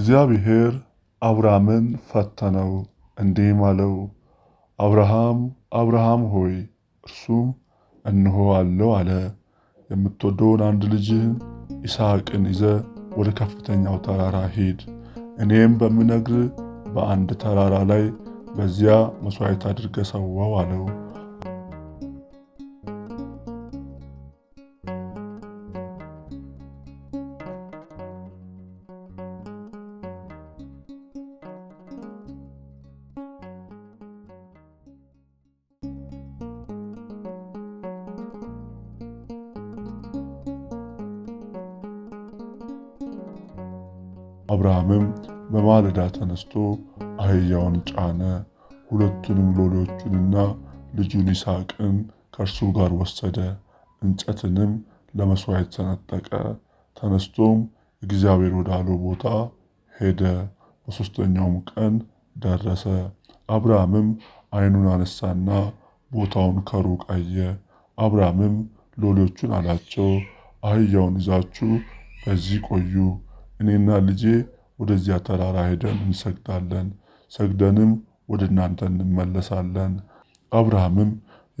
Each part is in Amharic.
እግዚአብሔር አብርሃምን ፈተነው እንዲህም አለው፣ አብርሃም አብርሃም ሆይ እርሱም እንሆ አለው አለ። የምትወደውን አንድ ልጅህን ይስሐቅን ይዘ ወደ ከፍተኛው ተራራ ሂድ። እኔም በምነግር በአንድ ተራራ ላይ በዚያ መሥዋዕት አድርገ ሰዋው አለው። አብርሃምም በማለዳ ተነስቶ አህያውን ጫነ፣ ሁለቱንም ሎሌዎቹንና ልጁን ይስሐቅን ከእርሱ ጋር ወሰደ። እንጨትንም ለመስዋዕት ሰነጠቀ። ተነስቶም እግዚአብሔር ወዳለው ቦታ ሄደ። በሦስተኛውም ቀን ደረሰ። አብርሃምም ዓይኑን አነሳና ቦታውን ከሩቅ አየ። አብርሃምም ሎሌዎቹን አላቸው፣ አህያውን ይዛችሁ በዚህ ቆዩ እኔና ልጄ ወደዚያ ተራራ ሄደን እንሰግዳለን፣ ሰግደንም ወደ እናንተ እንመለሳለን። አብርሃምም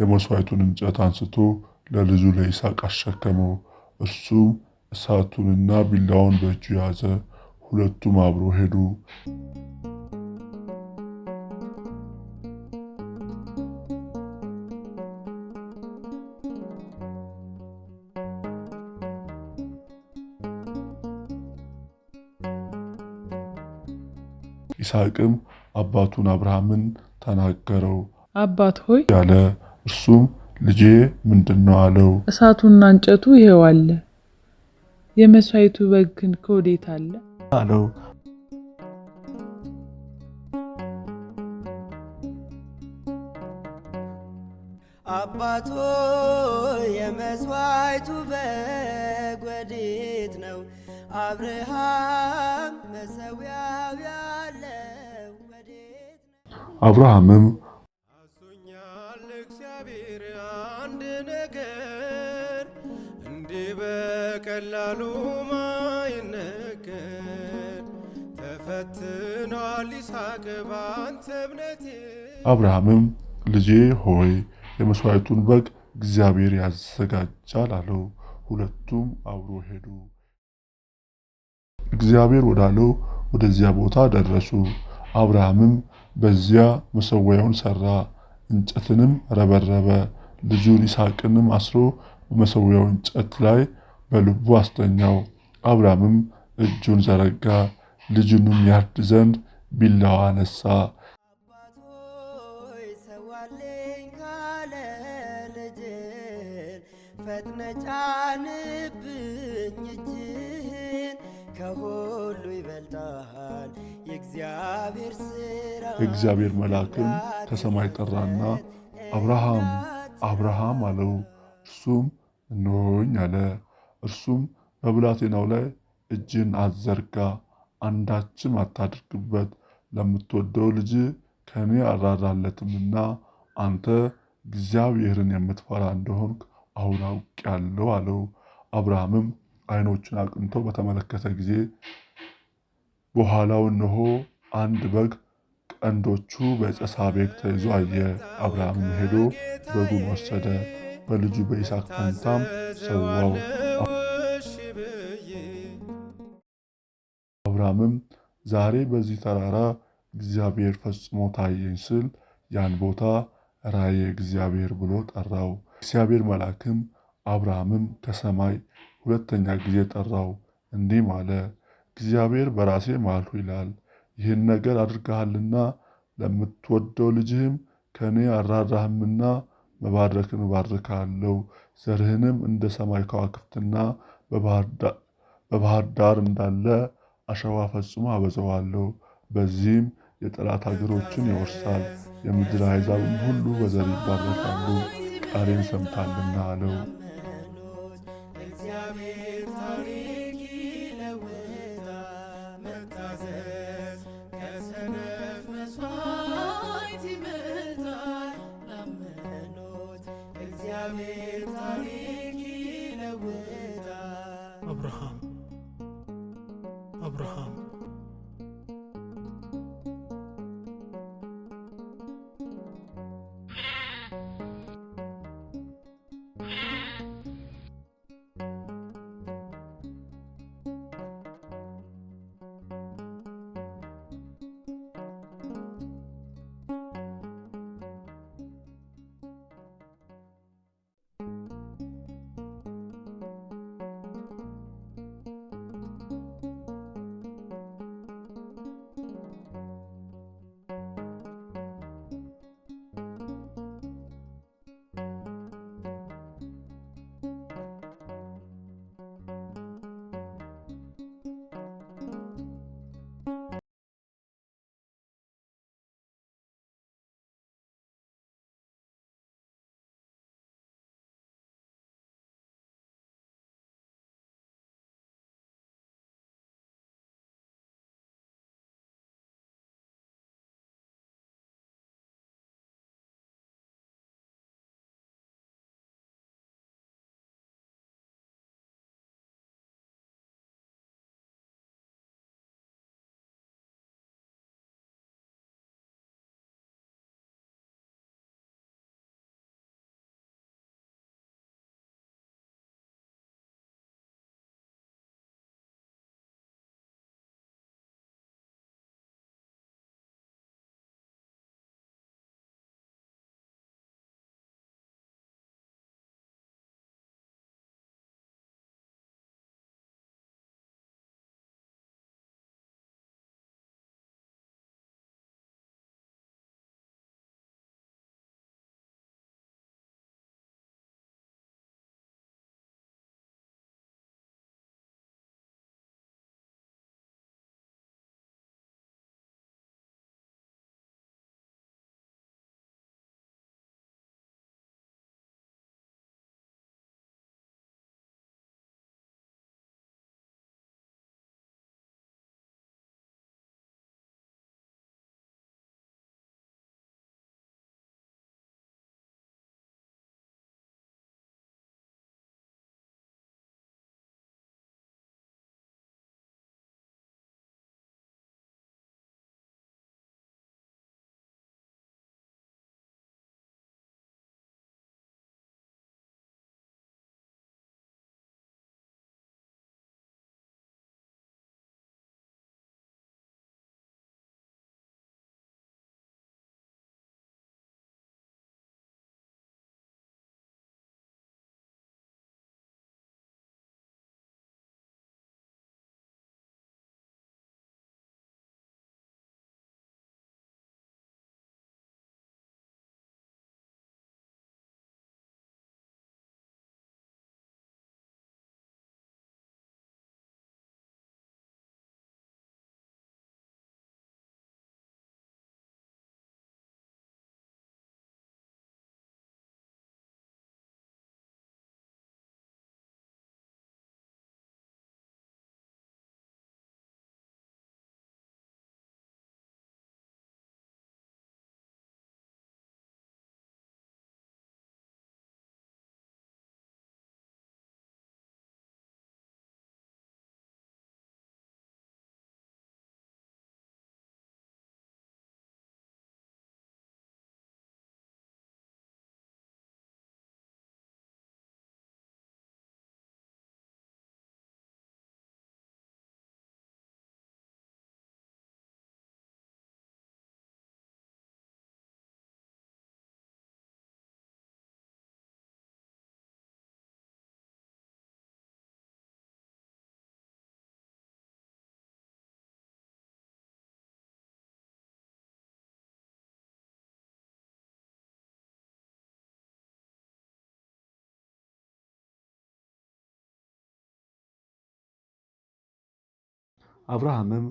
የመስዋዕቱን እንጨት አንስቶ ለልጁ ለይስሐቅ አሸከመው። እርሱም እሳቱንና ቢላውን በእጁ ያዘ። ሁለቱም አብሮ ሄዱ። ይስሐቅም አባቱን አብርሃምን ተናገረው። አባት ሆይ ያለ እርሱም ልጄ ምንድን ነው አለው። እሳቱና እንጨቱ ይሄው አለ፣ የመስዋይቱ በግ ግን ከወዴት አለ አለው። አባቶ የመሥዋዕቱ በግ ወዴት ነው? አብርሃም መሠዊያው አብርሃምም አዞኛል እግዚአብሔር አንድ ነገር እንዲህ በቀላሉ ማይነገር ተፈትኗል ይስሐቅ ባንተ እምነት። አብርሃምም ልጄ ሆይ የመሥዋዕቱን በግ እግዚአብሔር ያዘጋጃል አለው። ሁለቱም አብሮ ሄዱ። እግዚአብሔር ወዳለው ወደዚያ ቦታ ደረሱ። አብርሃምም በዚያ መሠዊያውን ሰራ እንጨትንም ረበረበ። ልጁን ይስሐቅንም አስሮ በመሰዊያው እንጨት ላይ በልቡ አስተኛው። አብርሃምም እጁን ዘረጋ፣ ልጁንም ያርድ ዘንድ ቢላዋ አነሳ። ፈጥነ ጫንብኝ እጅህን ከሁሉ ይበልጣል የእግዚአብሔር መልአክም ከሰማይ ጠራና አብርሃም አብርሃም አለው። እርሱም እነሆኝ አለ። እርሱም በብላቴናው ላይ እጅን አዘርጋ አንዳችም አታድርግበት፣ ለምትወደው ልጅ ከእኔ አራራለትምና አንተ እግዚአብሔርን የምትፈራ እንደሆንክ አሁን ያለው አለው። አብርሃምም ዓይኖቹን አቅንቶ በተመለከተ ጊዜ በኋላው እነሆ አንድ በግ ቀንዶቹ በዕፀ ሳቤቅ ተይዞ አየ። አብርሃምም ሄዶ በጉን ወሰደ፣ በልጁ በይስሐቅ ፈንታም ሰዋው። አብርሃምም ዛሬ በዚህ ተራራ እግዚአብሔር ፈጽሞ ታየኝ ስል ያን ቦታ ራእየ እግዚአብሔር ብሎ ጠራው። እግዚአብሔር መልአክም አብርሃምን ከሰማይ ሁለተኛ ጊዜ ጠራው፣ እንዲህም አለ እግዚአብሔር በራሴ ማልሁ ይላል። ይህን ነገር አድርገሃልና ለምትወደው ልጅህም ከእኔ አራራህምና መባረክን እባርካለሁ፣ ዘርህንም እንደ ሰማይ ከዋክብትና በባህር ዳር እንዳለ አሸዋ ፈጽሞ አበዛዋለሁ። በዚህም የጠላት ሀገሮችን ይወርሳል፣ የምድር አሕዛብም ሁሉ በዘር ይባረካሉ፣ ቃሌን ሰምታልና አለው። Абрагам. Абрагам. አብርሃምም